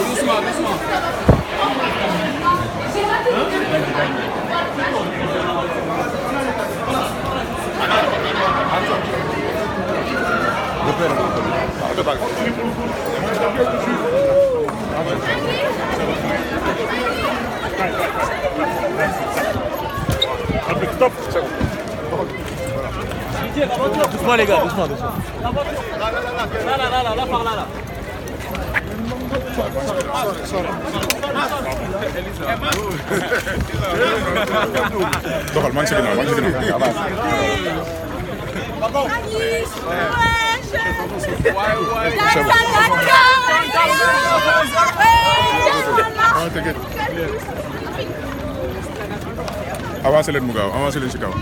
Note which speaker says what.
Speaker 1: doucement doucement.
Speaker 2: Top.
Speaker 3: Doucement les gars, doucement, doucement. Là, là, là, là, là, par là, là. doxal maa ngi si ginnaaw
Speaker 2: maa ngi si ginnaaw avancé leen mu gaaw avancé leen si kaw.